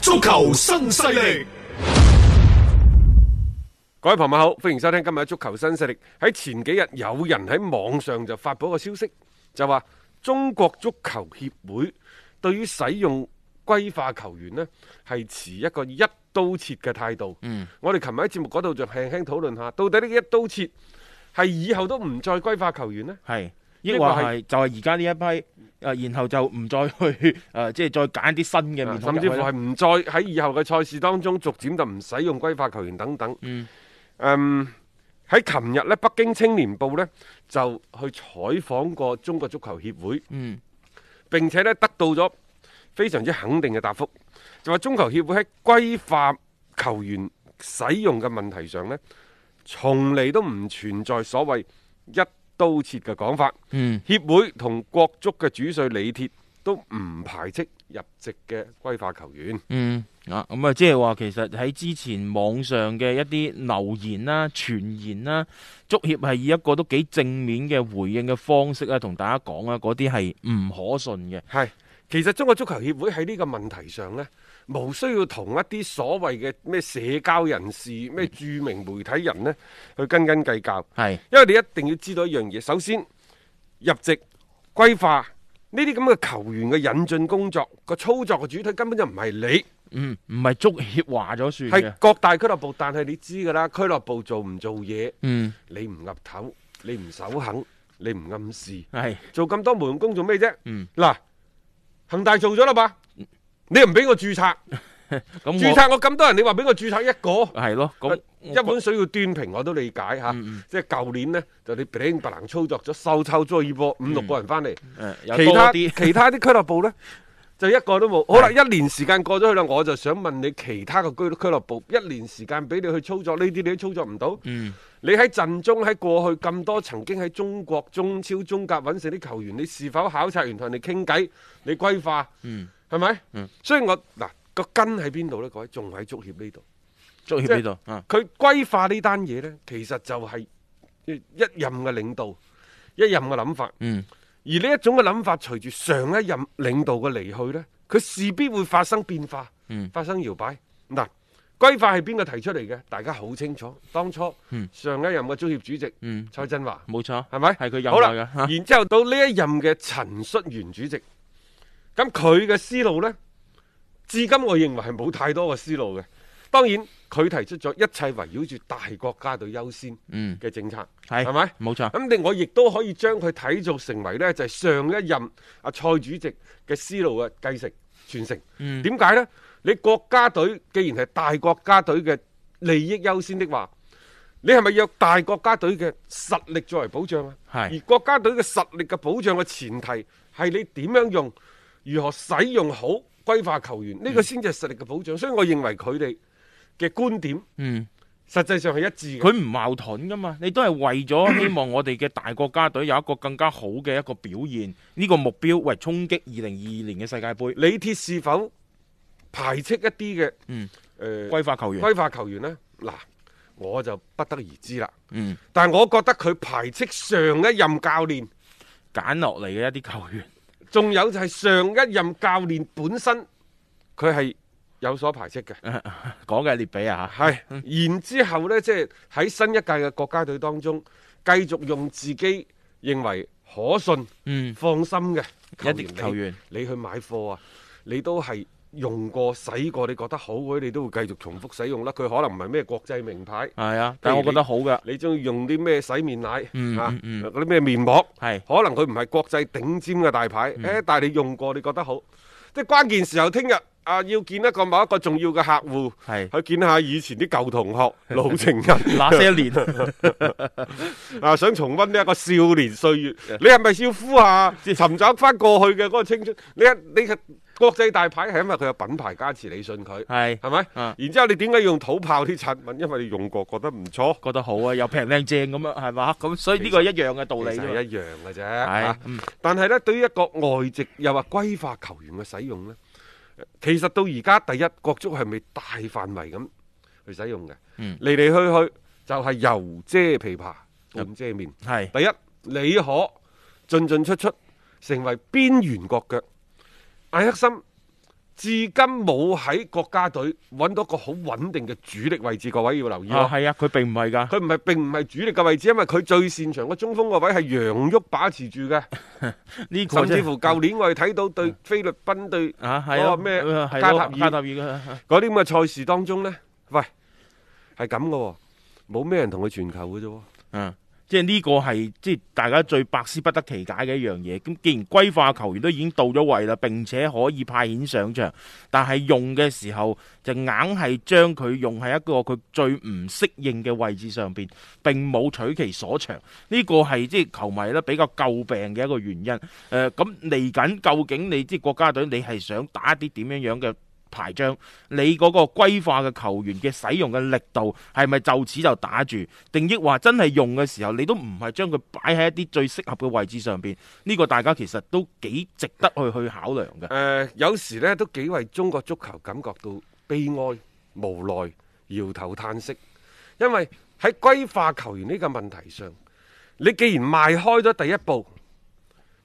足球新勢力，各位朋友好，歡迎收聽今日嘅足球新勢力。喺前幾日，有人喺網上就發布一個消息，就話中國足球協會對於使用歸化球員呢係持一個一刀切嘅態度。嗯，我哋琴日喺節目嗰度就輕輕討論下，到底呢一刀切係以後都唔再歸化球員呢？係。亦話係就係而家呢一批誒，然後就唔再去誒、呃，即係再揀啲新嘅面孔，甚至乎係唔再喺以後嘅賽事當中逐漸就唔使用歸化球員等等。嗯,嗯，喺琴日呢，北京青年報呢就去採訪過中國足球協會，嗯，並且呢得到咗非常之肯定嘅答覆，就話中球協會喺歸化球員使用嘅問題上呢，從嚟都唔存在所謂一。刀切嘅講法，嗯，協會同國足嘅主帥李鐵都唔排斥入籍嘅歸化球員，嗯，啊，咁啊，即係話其實喺之前網上嘅一啲流言啦、啊、傳言啦、啊，足協係以一個都幾正面嘅回應嘅方式啊，同大家講啊，嗰啲係唔可信嘅。係，其實中國足球協會喺呢個問題上呢。冇需要同一啲所謂嘅咩社交人士、咩著名媒體人呢去斤斤計較，係因為你一定要知道一樣嘢。首先，入籍、歸化呢啲咁嘅球員嘅引進工作個操作嘅主體根本就唔係你，嗯，唔係足協話咗算嘅，係各大俱樂部。但係你知㗎啦，俱樂部做唔做嘢，嗯，你唔岌頭，你唔首肯，你唔暗示，係做咁多無用功做咩啫？嗯，嗱，恒大做咗啦吧。嗯。你又唔俾我註冊，註冊我咁多人，你話俾我註冊一個係咯？咁一碗水要端平，我都理解吓。即係舊年咧，就你 bling bling 操作咗秀臭 joy 波五六個人翻嚟，其他其他啲俱樂部咧就一個都冇。好啦，一年時間過咗去啦，我就想問你，其他嘅俱樂俱樂部一年時間俾你去操作呢啲，你都操作唔到。嗯，你喺陣中喺過去咁多曾經喺中國中超中甲揾食啲球員，你是否考察完同人哋傾偈，你歸化？嗯。係咪，嗯？所以我嗱個根喺邊度咧？各位仲喺足協呢度，足協、啊、呢度，佢歸化呢單嘢咧，其實就係一任嘅領導，一任嘅諗法。嗯，而呢一種嘅諗法，隨住上一任領導嘅離去咧，佢勢必會發生變化，嗯、發生搖擺。嗱，歸化係邊個提出嚟嘅？大家好清楚。當初上一任嘅足協主席蔡振華，冇錯，係咪？係佢入嘅。然之後到呢一任嘅陳戌源主席。嗯咁佢嘅思路呢，至今我認為係冇太多嘅思路嘅。當然佢提出咗一切圍繞住大國家隊優先嗯嘅政策，係係咪冇錯？咁我亦都可以將佢睇作成為呢就係、是、上一任阿蔡主席嘅思路嘅繼承傳承。點、嗯、解呢？你國家隊既然係大國家隊嘅利益優先的話，你係咪要大國家隊嘅實力作為保障啊？而國家隊嘅實力嘅保障嘅前提係你點樣用？如何使用好歸化球員？呢、這個先至係實力嘅保障，嗯，所以我認為佢哋嘅觀點，嗯，實際上係一致嘅。佢唔矛盾噶嘛？你都係為咗希望我哋嘅大國家隊有一個更加好嘅一個表現，呢、嗯、這個目標為衝擊二零二二年嘅世界盃。李鐵是否排斥一啲嘅？嗯，誒、呃、歸化球員，歸化球員呢？嗱，我就不得而知啦。嗯，但係我覺得佢排斥上一任教練揀落嚟嘅一啲球員。仲有就係上一任教練本身，佢係有所排斥嘅，講嘅係列比啊，係， 然之後呢即係喺新一屆嘅國家隊當中，繼續用自己認為可信、嗯、放心嘅球員，一球員你，你去買貨啊，你都係。用過、洗過，你覺得好嗰啲，你都會繼續重複使用啦。佢可能唔係咩國際名牌，係啊，但係我覺得好嘅。你中意用啲咩洗面奶？嗯嗯，嗰啲咩面膜？係，可能佢唔係國際頂尖嘅大牌，誒，但係你用過，你覺得好。即係關鍵時候，聽日啊，要見一個某一個重要嘅客戶，係去見下以前啲舊同學、老情人，那些年啊，啊，想重溫呢一個少年歲月。你係咪少夫啊？尋找翻過去嘅嗰個青春。你啊，你啊。國際大牌係因為佢有品牌加持理信，你信佢係係咪？然之後你點解用土炮啲產品？因為你用過覺得唔錯，覺得好， 好、這個、啊，又平靚正咁啊，係嘛？咁所以呢個一樣嘅道理啫，一樣嘅啫。但係呢，對於一個外籍又話歸化球員嘅使用呢，其實到而家第一國足係未大範圍咁去使用嘅，嚟、嗯、嚟去去就係、是、猶抱琵琶、半遮面。係第一，你可進進出出，成為邊緣國腳。艾克森至今冇喺國家隊揾到個好穩定嘅主力位置，各位要留意啊！係啊，佢並唔係噶，佢唔係並唔係主力嘅位置，因為佢最擅長嘅中鋒個位係楊旭把持住嘅。甚至乎舊年我哋睇到對菲律賓對啊，係啊，咩加塔爾加塔爾嗰啲咁嘅賽事當中咧，喂，係咁噶，冇咩人同佢傳球噶啫。嗯。即係呢個係即係大家最百思不得其解嘅一樣嘢。咁既然歸化球員都已經到咗位啦，並且可以派遣上場，但係用嘅時候就硬係將佢用喺一個佢最唔適應嘅位置上面，並冇取其所長。呢、這個係即係球迷咧比較詬病嘅一個原因。咁嚟緊究竟你即係國家隊，你係想打一啲點樣樣嘅？排章，你嗰個歸化嘅球員嘅使用嘅力度係咪就此就打住？定抑話真係用嘅時候，你都唔係將佢擺喺一啲最適合嘅位置上邊？呢、這個大家其實都幾值得去去考量嘅。誒、呃，有時咧都幾為中國足球感覺到悲哀無奈，搖頭嘆息。因為喺歸化球員呢個問題上，你既然邁開咗第一步，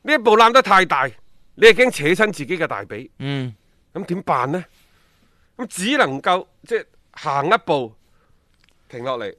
呢一步攬得太大，你係驚扯親自己嘅大髀。嗯。咁點辦咧？咁只能夠即行、即係、一步，停落嚟，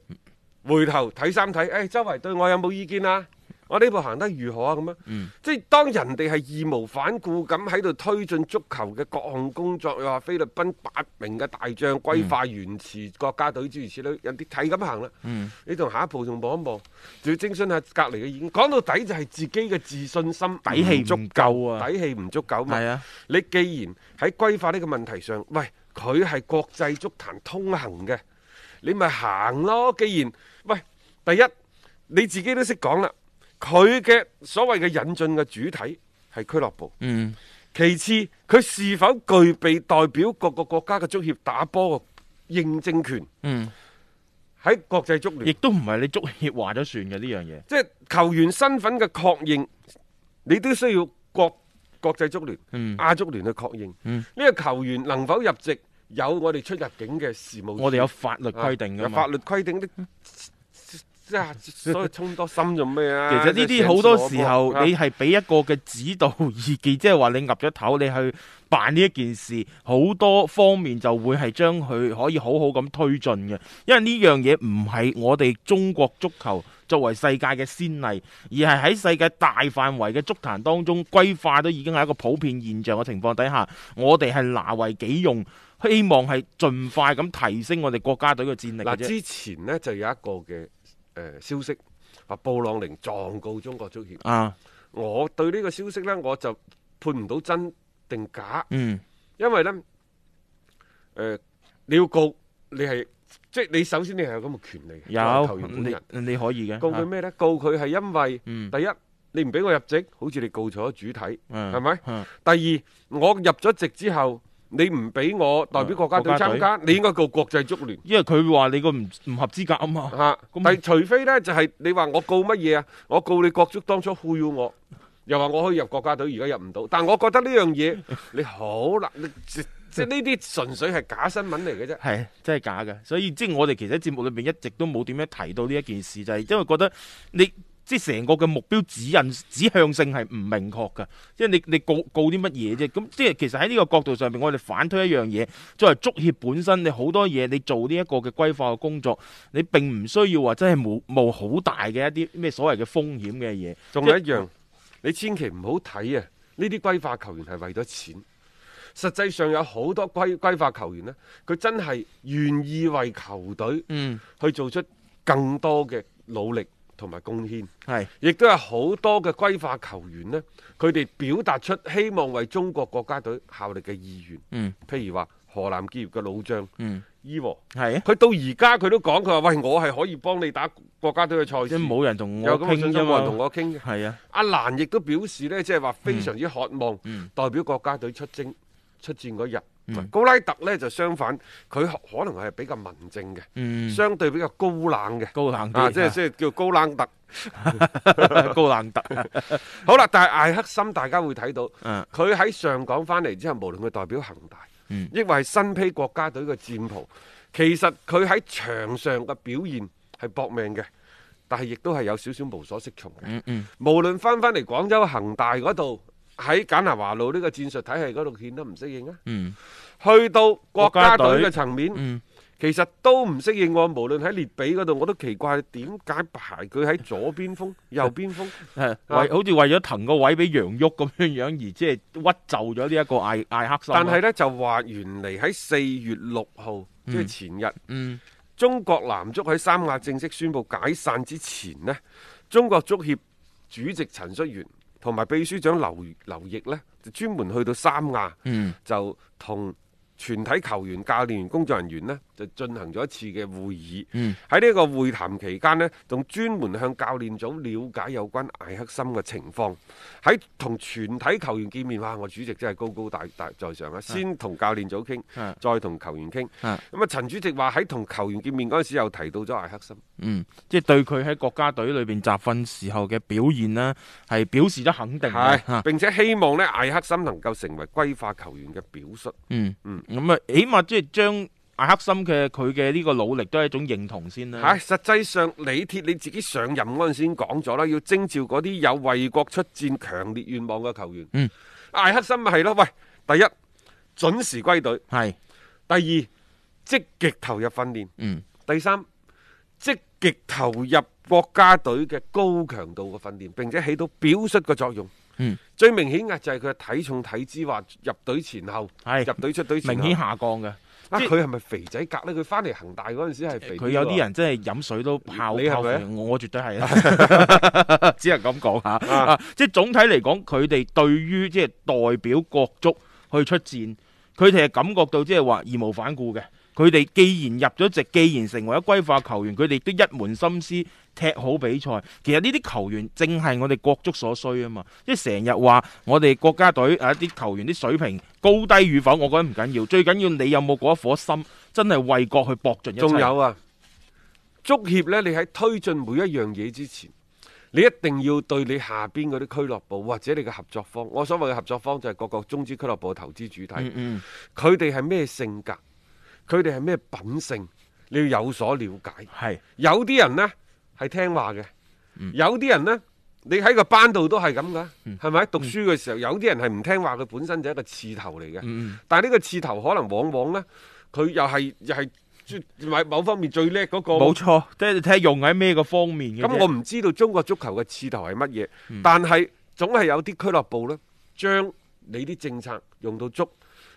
回頭睇三睇，誒、哎，周圍對我有冇意見啊？我呢步行得如何啊？咁、嗯、啊，即係當人哋係義無反顧咁喺度推進足球嘅各項工作，又話菲律賓八名嘅大將歸化，延遲國家隊諸如此類，有啲睇咁行啦、嗯。你同下一步仲步一步。仲要徵詢下隔籬嘅意見。講到底就係自己嘅自信心、嗯、底氣足夠啊，底氣唔足夠嘛。係啊，你既然喺歸化呢個問題上，喂，佢係國際足壇通行嘅，你咪行咯。既然喂，第一你自己都識講啦。佢嘅所謂嘅引進嘅主體係俱樂部，嗯，其次佢是否具備代表各個國家嘅足協打波嘅認證權，嗯，喺國際足聯亦都唔係你足協話咗算嘅。呢樣嘢，即係球員身份嘅確認，你都需要國國際足聯、嗯亞足聯去確認，嗯呢個球員能否入籍，有我哋出入境嘅事務，我哋有法律規定嘅嘛，啊。有法律規定啲。 即係所以，冲多心做咩啊？其實呢啲好多時候，你係俾一個嘅指導意見，即係話你岌咗頭，你去辦呢一件事，好多方面就會係將佢可以好好咁推進嘅。因為呢樣嘢唔係我哋中國足球作為世界嘅先例，而係喺世界大範圍嘅足壇當中，歸化都已經係一個普遍現象嘅情況底下，我哋係拿為己用，希望係盡快咁提升我哋國家隊嘅戰力。之前呢，就有一個嘅。誒，消息話布朗寧狀告中國足協。啊，我對呢個消息呢，我就判唔到真定假。嗯，因為呢，誒，你要告你係即係你首先你係有咁嘅權利，有球員本人你可以嘅告佢咩呢？告佢係因為第一你唔俾我入籍，好似你告錯咗主體，係咪？第二我入咗籍之後。你唔俾我代表國家隊參加，你應該告國際足聯，因為佢話你個唔唔合資格啊嘛。嚇！但係除非咧，就係你話我告乜嘢啊？我告你國足當初忽悠我，又話我可以入國家隊，而家入唔到。但係我覺得呢樣嘢你好難，即即呢啲純粹係假新聞嚟嘅啫。係真係假嘅，所以即係我哋其實喺節目裏邊一直都冇點樣提到呢一件事，就係因為覺得你。即係成個嘅目標指引指向性係唔明確嘅，即係你你告告啲乜嘢啫？咁即係其實喺呢個角度上邊，我哋反推一樣嘢，作為足協本身你好多嘢，你，東西你做呢一個嘅歸化嘅工作，你並唔需要話真係冇冒好大嘅一啲咩所謂嘅風險嘅嘢。仲有一樣，你千祈唔好睇啊！呢啲歸化球員係為咗錢，實際上有好多歸歸化球員呢，佢真係願意為球隊去做出更多嘅努力。嗯同埋貢獻，亦都有好多嘅歸化球員呢，佢哋表達出希望為中國國家隊效力嘅意願。嗯，譬如話河南建業嘅老將 Evo，嗯，伊和，係啊，佢到而家佢都講，佢話喂，我係可以幫你打國家隊嘅賽事。冇人同我傾，有咁嘅信心，冇人同我傾嘅。係啊，阿蘭亦都表示呢，即係話非常之渴望代表國家隊出征。出戰嗰日，嗯，高拉特呢就相反，佢可能係比較文靜嘅，相對比較高冷嘅，高冷，啊，即係叫高冷特，啊，高冷特。 冷德 好啦，但係艾克森，大家會睇到，佢，啊，喺上港翻嚟之後，無論佢代表恒大，亦或係新披國家隊嘅戰袍，嗯，其實佢喺場上嘅表現係搏命嘅，但係亦都係有少少無所適從嘅。無論翻翻嚟廣州恒大嗰度。喺簡拿華路呢個戰術體系嗰度，顯得唔適應啊。嗯，去到國家隊嘅層面，嗯，其實都唔適應我。無論喺列比嗰度，我都奇怪點解排佢喺左邊鋒、右邊鋒，為、， 啊、為好似為咗騰個位俾楊旭咁樣樣，而即係屈就咗呢一個艾艾克森、啊、但係呢，就話原嚟喺四月六號，即、就、係、是、前日，嗯，嗯中國男足喺三亞正式宣布解散之前呢，中國足協主席陳戌源，同埋秘書長劉劉奕呢，就專門去到三亞，嗯、就同全體球員、教練員、工作人員呢就進行咗一次嘅會議，喺、嗯、呢個會談期間呢，仲專門向教練組了解有關艾克森嘅情況。喺同全體球員見面，哇！我主席真係高高大大在上啊！先同教練組傾，再同球員傾。咁啊，陳主席話喺同球員見面嗰陣時，又提到咗艾克森。嗯，即係對佢喺國家隊裏邊集訓時候嘅表現呢，係表示咗肯定嘅嚇。並且希望呢，艾克森能夠成為歸化球員嘅表述。嗯嗯，咁啊，起碼即係將。艾克森嘅佢嘅呢個努力都係一種認同先啦。吓、啊，實際上李鐵你自己上任嗰陣時已經講咗啦，要徵召嗰啲有為國出戰強烈願望嘅球員。嗯，艾克森咪係咯，喂，第一準時歸隊，係；第二積極投入訓練，嗯；第三積極投入國家隊嘅高強度嘅訓練，並且起到表率嘅作用。嗯，最明顯嘅就係佢嘅體重體脂話入隊前後，係入隊出隊明顯下降嘅。佢係咪肥仔格呢？佢翻嚟恒大嗰陣時係肥，佢有啲人真係飲水都泡泡。你係咪？我絕對係、 啊，只係咁講吓。即係總體嚟講，佢哋對於即係代表國足去出戰，佢哋係感覺到即係話義無反顧嘅。佢哋既然入咗籍，既然成為咗歸化球員，佢哋都一門心思。踢好比賽，其實呢啲球員正係我哋國足所需啊嘛。即係成日話我哋國家隊啊，啲球員啲水平高低與否，我覺得唔緊要，最緊要你有冇嗰一顆心，真係為國去搏盡一切。仲有啊，足協呢，你喺推進每一樣嘢之前，你一定要對你下邊嗰啲俱樂部或者你嘅合作方，我所謂嘅合作方就係各個中資俱樂部投資主體，嗯，佢哋係咩性格，佢哋係咩品性，你要有所了解。係有啲人呢。係聽話嘅、嗯，有啲人呢，你喺個班度都係咁噶，係、嗯、咪？讀書嘅時候、嗯、有啲人係唔聽話，佢本身就係一個刺頭嚟嘅、嗯。但係呢個刺頭可能往往呢，佢又係又係，某方面最叻嗰、嗰個。冇錯，即係睇用喺咩個方面。咁我唔知道中國足球嘅刺頭係乜嘢，但係總係有啲俱樂部呢，將你啲政策用到足，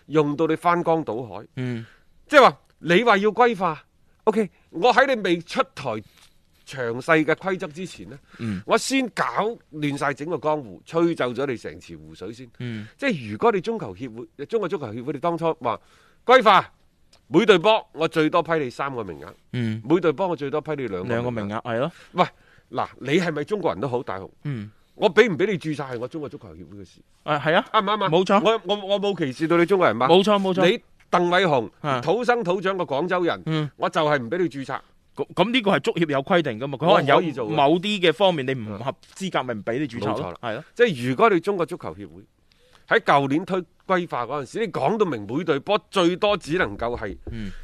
用到你翻江倒海。嗯，即係話你話要歸化，OK，我喺你未出台詳細嘅規則之前呢、嗯，我先搞亂晒整個江湖，吹就咗你成池湖水先。嗯、即係如果你中球協會，中國足球協會，你當初話歸化每隊波，我最多批你三個名額、嗯。每隊波我最多批你兩個兩個名額係咯。喂，嗱，你係咪中國人都好大雄、嗯？我俾唔俾你註冊係我中國足球協會嘅事。係啊，啱唔啱啊？冇錯。我我我冇歧視到你中國人嘛？冇錯冇錯。你鄧偉雄土生土長嘅廣州人，嗯、我就係唔俾你註冊。咁呢個係足協有規定噶嘛？佢可能有意做某啲嘅方面，哦、你唔合資格咪唔俾你註冊咯。係咯、啊，即係如果你中國足球協會喺舊年推歸化嗰陣時，你講到明每隊波最多只能夠係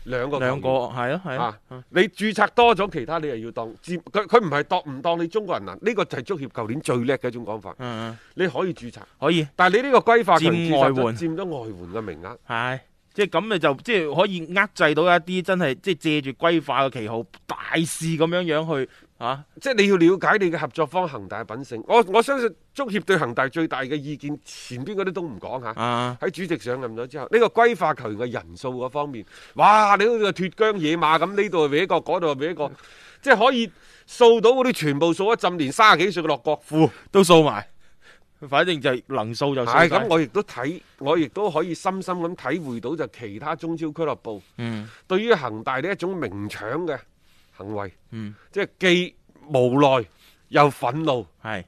兩個兩、嗯、個係咯係啊，你註冊多咗其他你又要當佢唔係當唔當你中國人、這個、啊？呢個就係足協舊年最叻嘅一種講法。嗯，你可以註冊可以，但係你呢個歸化佔外援佔咗外援嘅名額係。即係咁你就即係可以遏制到一啲真係即係借住歸化嘅旗號大肆咁樣樣去啊！即係你要了解你嘅合作方恒大嘅品性。我我相信足協對恒大最大嘅意見，前邊嗰啲都唔講啊，喺主席上任咗之後，呢、呢個歸化球員嘅人數嗰方面，哇！你好似脱韁野馬咁，呢度係俾一個，嗰度係俾一個， 即係可以掃到嗰啲全部掃一浸，連卅幾歲嘅洛國富都掃埋。反正就係能數就係咁，我亦都睇，我亦都可以深深咁體會到就其他中超俱樂部，對於恒大呢一種明搶嘅行為，嗯、即係既無奈又憤怒。係，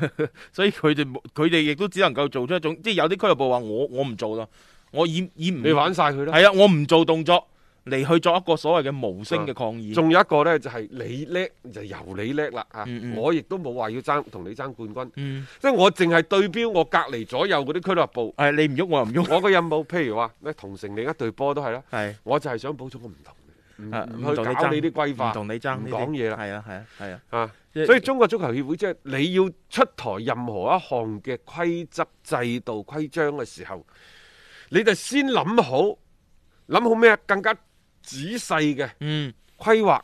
所以佢哋佢哋亦都只能夠做出一種，即係有啲俱樂部話我我唔做啦，我演演唔，你玩晒佢啦，係啊，我唔做動作。嚟去作一個所謂嘅無聲嘅抗議，仲、啊、有一個咧就係、是、你叻就是、由你叻啦嚇，我亦都冇話要爭同你爭冠軍，即、嗯、係我淨係對標我隔離左右嗰啲俱樂部。誒、啊，你唔喐我唔喐，我嘅任務譬如話，同城另一隊波都係啦，我就係想補充個唔同嘅、啊，去搞你啲規範，唔同你爭，唔講嘢啦。係啊係啊係啊，啊，所以中國足球協會即係、就是、你要出台任何一項嘅規則制度規章嘅時候，你就先諗好，諗好咩更加。仔細嘅，嗯，規劃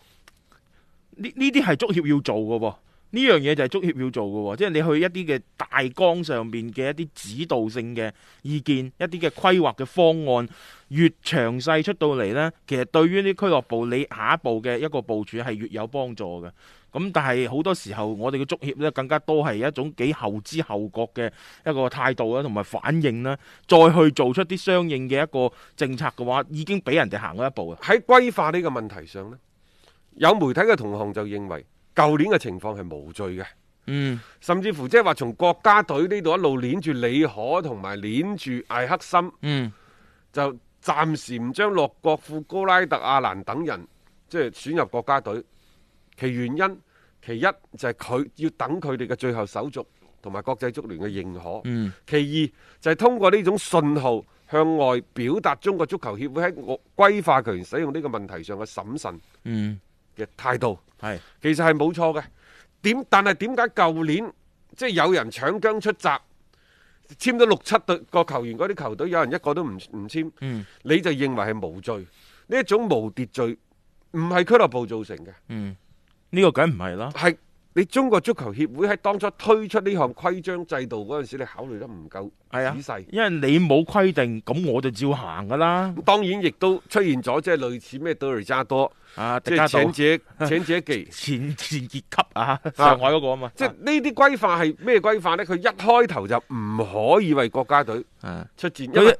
呢，呢啲係足協要做嘅喎，呢樣嘢就係足協要做嘅喎。即係你去一啲嘅大綱上邊嘅一啲指導性嘅意見，一啲嘅規劃嘅方案越詳細出到嚟呢，其實對於啲俱樂部你下一步嘅一個部署係越有幫助嘅。咁但係好多時候我哋嘅足協咧更加多係一種幾後知後覺嘅一個態度啦，同埋反應呢，再去做出啲相應嘅一個政策嘅話，已經俾人哋行咗一步啊！喺歸化呢個問題上呢，有媒體嘅同行就認為舊年嘅情況係無罪嘅，嗯，甚至乎即係話從國家隊呢度一路鏈住李可同埋鏈住艾克森，嗯，就暫時唔將洛國富、高拉特阿蘭等人即係選入國家隊，其原因。其一就係、是、佢要等佢哋嘅最後手續同埋國際足聯嘅認可。嗯。其二就係、是、通過呢種信號向外表達中國足球協會喺歸化球員使用呢個問題上嘅審慎的。嗯。嘅態度係其實係冇錯嘅。點但係點解舊年即係、就是、有人搶薑出閘簽咗六七隊個球員嗰啲球隊，有人一個都唔唔簽。嗯。你就認為係無罪呢一種無秩序唔係俱樂部造成嘅。嗯。呢、這個梗唔係啦，係你中國足球協會喺當初推出呢項規章制度嗰陣時，你考慮得唔夠仔細，啊、因為你冇規定，咁我就照行噶啦。當然亦都出現咗即係類似咩德里加多。啊！即係請者請者忌， 前前階級啊！上海嗰個啊嘛，啊即係呢啲歸化係咩歸化呢？佢一開頭就唔可以為國家隊出戰，佢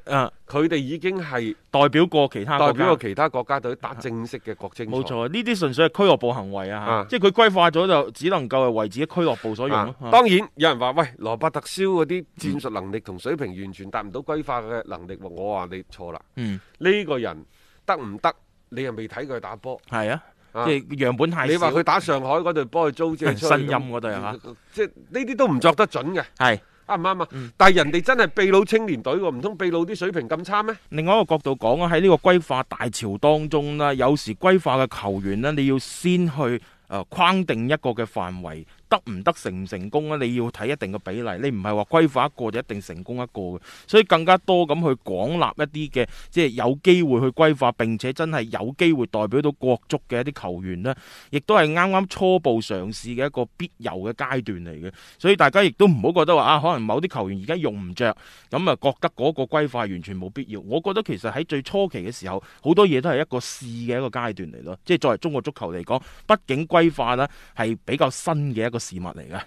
佢哋已經係代表過其他代表過其他國家隊打正式嘅國政。冇、啊、錯。呢啲純粹係俱樂部行為啊，啊！即係佢歸化咗就只能夠係為自己俱樂部所用、啊。當然有人話喂，羅伯特蕭嗰啲戰術能力同水平完全達唔到歸化嘅能力，我話你錯啦。嗯，呢、這個人得唔得？你又未睇佢打波，係啊，啊，即係樣本太少，你話佢打上海嗰隊波，佢租即新、就是、音嗰隊啊，即係呢啲都唔作得準嘅。係啱唔啱啊？但係人哋真係秘魯青年隊喎，唔通秘魯啲水平咁差咩？另外一個角度講啊，喺呢個歸化大潮當中啦，有時歸化嘅球員呢，你要先去誒框定一個嘅範圍。得唔得成唔成功咧？你要睇一定嘅比例，你唔係話規劃一個就一定成功一個嘅，所以更加多咁去廣納一啲嘅，即係有機會去規劃，並且真係有機會代表到國足嘅一啲球員咧，亦都係啱啱初步嘗試嘅一個必由嘅階段嚟嘅。所以大家亦都唔好覺得話啊，可能某啲球員而家用唔着，咁啊覺得嗰個規劃完全冇必要。我覺得其實喺最初期嘅時候，好多嘢都係一個試嘅一個階段嚟咯。即係作為中國足球嚟講，畢竟規劃啦係比較新嘅一個。事物嚟嘅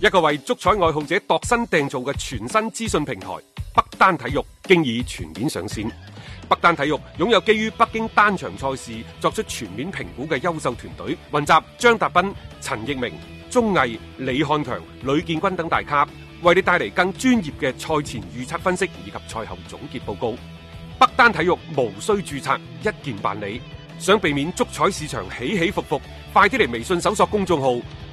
一個。為足彩愛好者度身訂造嘅全新資訊平台北單體育經已全面上線。北單體育擁有基於北京單場賽事作出全面評估嘅優秀團隊，雲集張達斌、陳奕明、鍾毅、李漢強、呂建軍等大咖，為你帶嚟更專業嘅賽前預測分析以及賽後總結報告。北單體育無需註冊，一鍵辦理。想避免足彩市場起起伏伏，快啲嚟微信搜索公眾號。